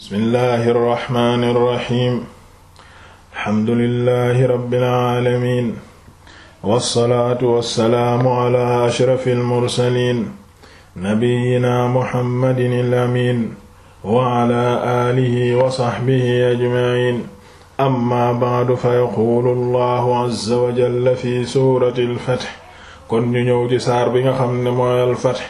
bismillahi irraxmani irraxim alxamdulilahi rabbil aalamin wassalaatu wassalaamu ala ashrafi almursalin nabiyina muhammadin alamin wa ala aalihi wa saxbihi ajmacin amma bacdu fa yaquulu allahu azza wa jalla fi suurati alfatx kon ñu ñëw ci saar bi nga xam ne mooy alfatx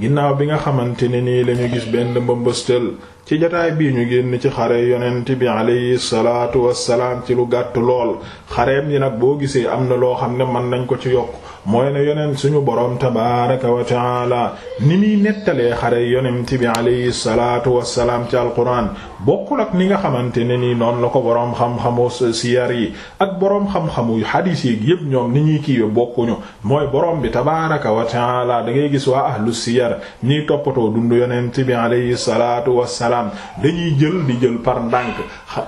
ginnaaw bi nga xamante ne nii lañu gis benn mbëmbëstal ci jotaay bii ñu génn ci xare yonent bi alayhi salaatu wassalaam ci lu gàtt lool xareem yi nag boo gisee am na loo xam ne mën nañ ko ci yokk mooy ne yonent suñu boroom tabaaraka wa taala ni muy nettalee xare yonent bi alayhi salaatu wassalaam ci alquran bokkul ak ni nga xamante ne nii noon la ko boroom xam-xamu siyar yi ak boroom xam-xamu xadiis yi yépp ñoom ni ñuy kiiwe bokkuñu mooy boroom bi tabaaraka wa taala da ngay gis waa ahlu siyar ñiy toppatoo dund yonent bi alayhi salaatu wassalaam salaam dañuy jël di jël par ndànk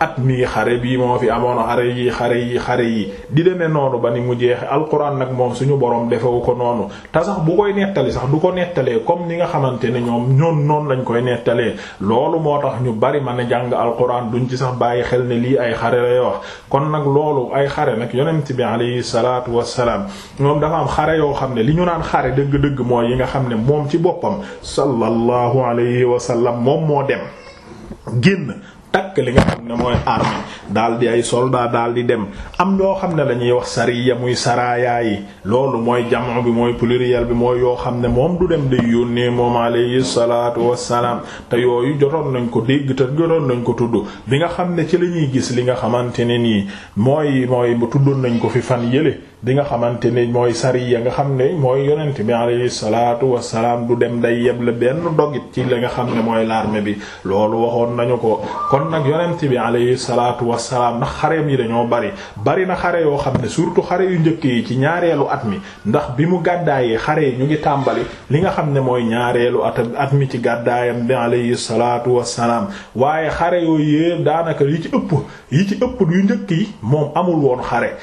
at mii xare bii moo fi amoon xare yi xare yi xare yi di demee noonu ba ni mu jeexe alquran nag moom suñu borom defewu ko noonu te sax bu koy nettali sax du ko nettalee comme ni nga xamante ne ñoom ñoon noonu lañ koy nettalee loolu moo tax ñu bari mën ne jàng alquran duñ ci sax bàyyi xel ne lii ay xare lay wax kon nag loolu ay xare nag yonent bi alayhi salaatu wassalaam moom dafa am xare yoo xam ne li ñu naan xare dëgg-dëgg mooy yi nga xam ne moom ci boppam sallallahu alayhi wa sallam moom moo dem génn takk li nga xam ne mooy armée daal di ay soldaar daal di dem am ñoo xam ne lañuy wax sariya muy saraayaa yi loolu mooy jamono bi mooy pluriel bi mooy yoo xam ne moom du dem day yónnee moom alayhi salaatu wassalaam te yooyu jotoon nañ ko dégg te jotoon nañ ko tudd bi nga xam ne ci lañuy gis li nga xamante ne nii mooy mooy bu tuddoon nañ ko fi fan yële di nga xamante ne mooy sariya nga xam ne mooy yonent bi alayhi salaatu wassalaam du dem day yeble benn dogit ci li nga xam ne mooy l'armée bi loolu waxoon nañu ko kon nag yonent bi alayhi salaatu wassalaam ndax xareem yi dañoo bari bari na xare yoo xam ne surtout xare yu njëkk yi ci ñaareelu at mi ndax bi mu gàddaayee xare yi ñu ngi tàmbali li nga xam ne mooy ñaareelu at at mi ci gàddaayam bi alayhi salaatu wassalaam waaye xare yooy yépp daanaka yi ci ëpp yi ci ëpp yu njëkk yi moom amul woon xare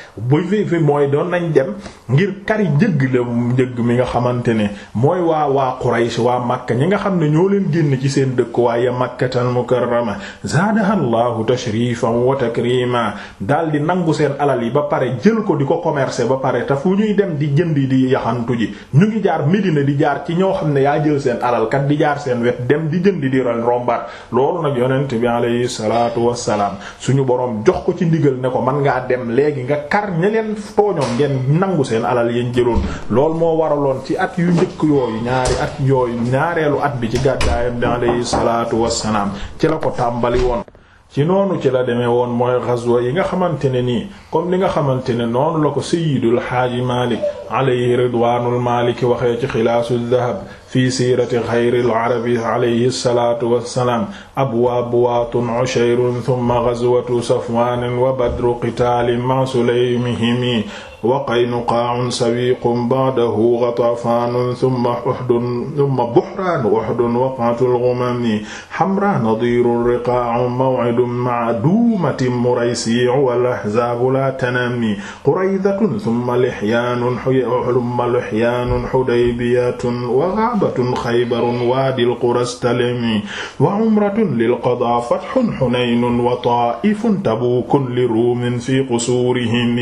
doon nañ dem ngir kari njëgg la njëgg mi nga xamante ne mooy waa waa Quraysh waa Makka ñi nga xam ne ñoo leen génn ci seen dëkk waaye Makkatal Mukarrama zaadahallahu tashrifan wa takrima daal di nangu seen alal yi ba pare jël ko di ko commercer ba pare te fu ñuy dem di jënd di yaxantu ji ñu ngi jaar Medina di jaar ci ñoo xam ne yaa jël seen alalkat di jaar seen wet dem di jënd di ron rombaat loolu nag yonent bi alayhi salaatu wassalaam suñu boroom jox ko ci ndigal ne ko man ngaa dem léegi nga kar ngeen nangu seen alal yeen jëloon lool moo waraloon ci at yu njëkk yooyu ñaari at yooyu ñaareelu at bi ci gàddaayam bi alayhi salaatu wassalaam ci la ko tàmbali woon ci noonu ci la demee woon mooy ghazwa yi nga xamante ne nii comme li nga xamante ne noonu la ko sayyidul xaaji malik alayhi ridwaanul malik waxee ci xilaasu dhahab fi siirati xayril arabi alayhi salaatu wassalaam abwaab waatun ushayrun thumma ghazwatu safwaanin wa badru qitaalin ma'a sulaymihimi wa qaynuqaa'un sawiiqun ba'dahu ghatafaanun thumma uhdun thumma buhraanu uhdun waqa'atul ghumami hamraa nadiirun riqaa'un maw'idun ma'a duumatin muraysi'un wal ahzaabu laa tanami quraydatun thumma lihyaanun thumma lihyaanun hudaybiyatun wa xaybatun xaybarun waadil qurastalemi wa umratun lil qadaa fathun xunaynun wa taa'ifun tabuukun li ruumin fi qusuurihim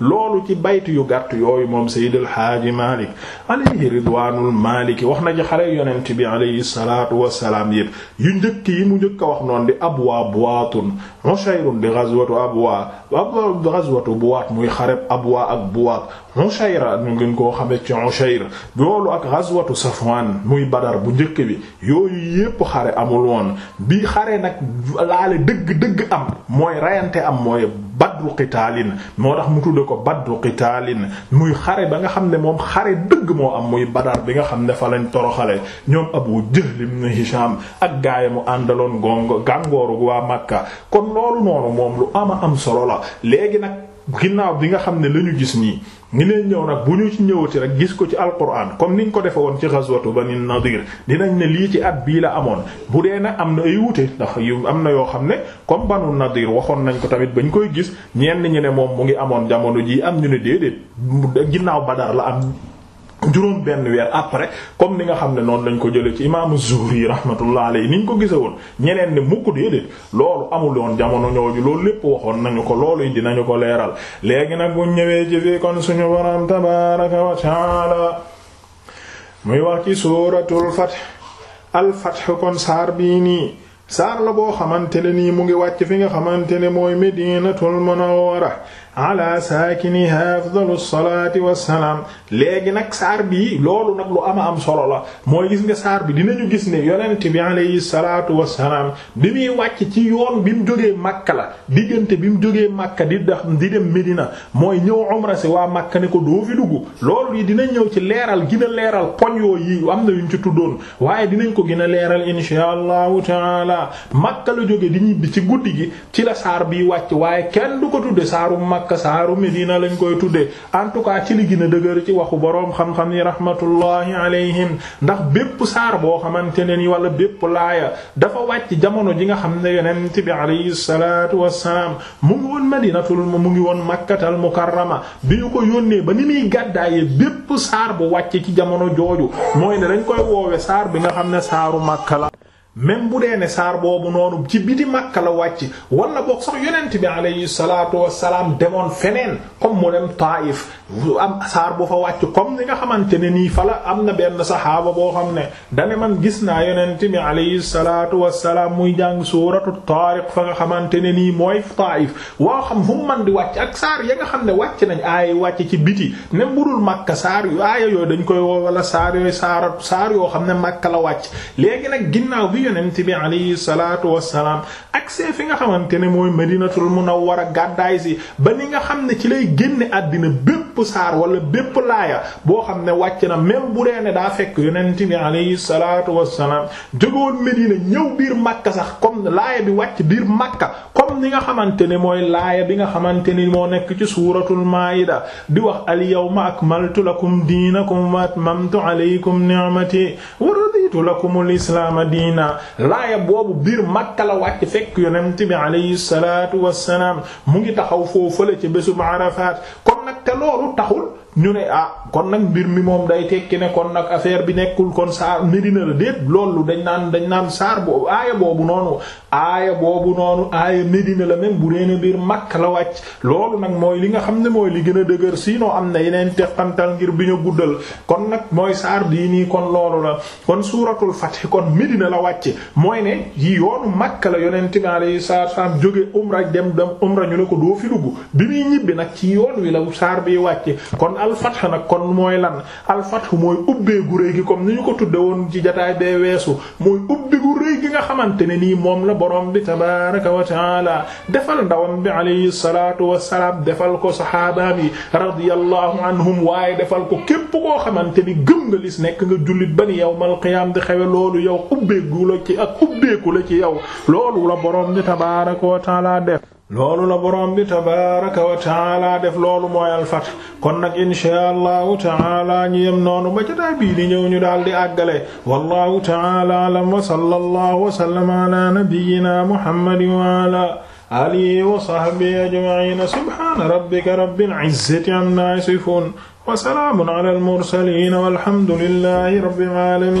loolu ci bayt yu gàtt yooyu moom Seydil Haaji Maalik alayhi ridwaanul maaliki wax na ci xare yonent bi alayhi salaatu wa salaam yépp yu njëkk yi mu njëkk a wax noonu di abwaa buwaatun Ushayrun di ghazwatu Abwa ab ghazwatu Buwaat muy xareb Abwa ak Buwaat Ushayra ñu ngeen koo xamee ci Ushayr loolu ak ghazwatu Safwan muy Badar bu njëkk bi yooyu yépp xare amul woon bi xare nag laale dëgg dëgg am mooy rayante am mooy badru qitaalin moo tax mu tudde ko badru qitaalin muy xare ba nga xam ne moom xare dëgg moo am muy badar bi nga xam ne fa lañ toroxale ñoom abu jahl ibn hisham ak gaaya mu àndaloon gongo gàngooru waa makka kon loolu noonu moom lu ama am solo la léegi nag ginnaaw bi nga xam ne la ñu gis nii ngi leen ñëw nag bu ñu ci ñëwati rek gis ko ci alquran comme ni ñu ko defe woon ci ghazwatu bani nadir dinañ ne lii ci at bii la amoon bu dee nag am na ay wute ndax yu am na yoo xam ne comme banu nadir waxoon nañ ko tamit ñu koy gis ñenn ñi ne moom mu ngi amoon jamono ji am ñu ne déedéet ginnaaw badar la am juróom benn weer après comme ni nga xam ne noonu lañ ko jëlee ci imaamu Zuhri rahmatullah alayhi ni ñu ko gisewoon ñeneen ni mukk déedéet loolu amul woon jamono ñooju loolu lépp waxoon nañu ko loolu yi dinañu ko leeral léegi nag bu ñëwee ci fi kon suñu borom tabaaraka wa taala muy wax ci suuratul Fath al Fath kon saar bii nii saar la boo xamante ne nii mu ngi wàcc fi nga xamante ne mooy mën Madinatul Munawwara ala saakiniha afdalu salaati wassalaam léegi nag saar bi loolu nag lu ama am solo la mooy gis nga saar bi dinañu gis ne yonent bi alayhi salaatu wassalaam bi muy wàcc ci yoon bi mu jógee Makka la diggante bi mu jógee Makka di dax di dem Medina mooy ñëw umra si waa Makka ne ko doo fi dugg loolu dina ñëw ci leeral gina leeral poñ yoo yi am na yuñ ci tuddoon waaye dinañ ko gën leeral insha allahu taala Makka la jóge di ñibbi ci guddi gi ci la saar bi wàcc waaye kenn du ko tudde saaru Makka Makka saaru Medina lañ koy tuddee en tout cas ci li gën a dëgër ci waxu boroom xam-xam yi rahmatullahi alayhim ndax bépp saar boo xamante ne ni wala bépp laaya dafa wàcc jamono ji nga xam ne yonent bi alayhi salaatu wassalaam mu ngi woon Madinatul mu ngi woon Makkatal Mukarrama bi ñu ko yónnee ba ni muy gàddaayee bépp saar bu wàcc ci jamono jooju mooy ne dañ koy woowe saar bi nga xam ne saaru Makka la même bu dee ne saar boobu noonu ci biti Makka la wàcc walla boog sax yonent bi alayhi salaatu wassalaam demoon feneen comme mu dem Taayif am saar boo fa wàcc kom ni nga xamante ne nii fala am na benn saxaaba boo xam ne dane man gis naa yonent bi alayhi salaatu wassalaam muy jàng suuratu Taariq fa nga xamante ne nii mooy Taayif waa xam fu man di wàcc ak saar ya nga xam ne wàcc nañ aaya wàcc ci biti même bu saar yu aaya yooyu dañ koy woo wala saar saar saar yoo xam ne Makka la wàcc léegi nag ginnaaw bi yonent bi alayhi salaatu wassalaam agsee fi nga xamante ne mooy madinatul munawwara gàddaay si ba ni nga xam ne ci lay génne àddina bépp saar wala bépp laaya boo xam ne wàcc na même bu dee daa fekk yonent bi alayhi salaatu wassalaam jógoon Medina ñëw biir Makka sax comme laaya bi wàcc biir Makka comme ni nga xamante ne mooy laaya bi nga xamante ni moo nekk ci suuratul maayida di wax al yawma akmaltu lakum diinakum wa atmamtu alaykum ni'mati raditu lakumul islaama diina laaya boobu biir Makka la wàcc fekk yonent bi alayhi salaatu wassalaam mu ngi taxaw foofu la ci bésub Arafat kon nag te loolu taxul ñu ne ah kon nag mbir mi moom day tekki ne kon nag affaire bi nekkul kon saar Medina la déet loolu dañ naan dañ naan saar boobu aaya boobu noonu aaya boobu noonu aaya Medina la même bu reena mbir Makka la wàcc loolu nag mooy li nga xam ne mooy li gën a dëgër sinon am na yeneen teqantal ngir bi ñu guddal kon nag mooy saar bii nii kon loolu la kon suuratul Fath kon Medina la wàcc mooy ne yi yoonu Makka la yonent bi alayhi salaatu wassalaam jóge umra dem dem umra ñu ne ko doo fi dugg bi muy ñibbi nag ci yoon wi la saar bi wàcc kon alfatx nag kon mooy lan alfatx mooy ubbeeku gu gi comme ni ñu ko tudde woon ci jataay bee weesu mooy ubbi gu nga xamante ne nii moom la borom bi tabaraka wa taala defal ndawam bi alayhi salaatu wassalaam defal ko saxaabaam yi radiyallahu anhum waaye defal ko képp koo xamante ni gëm nga lis nekk nga jullit ba ni yawmal qiyaam di xewe loolu yow ubbeegu la ci ak ubbeeku la ci yow loolu la borom bi tabaraka wa taala def loolu la borom bi tabaaraka wa taala def loolu mooy alfat kon nag inshaa allahu taala ñu yem noonu ba jotaay bii di ñëw ñu daal di àggale wallahu taala alam wa sallallahu wa sallama ala nabiyyina muhammadin wa ala alihi wa sahbihi ajma'in subhana rabbika rabbil izzati amma yasifun wa salaamun ala al mursalin walhamdulillahi rabbil alamin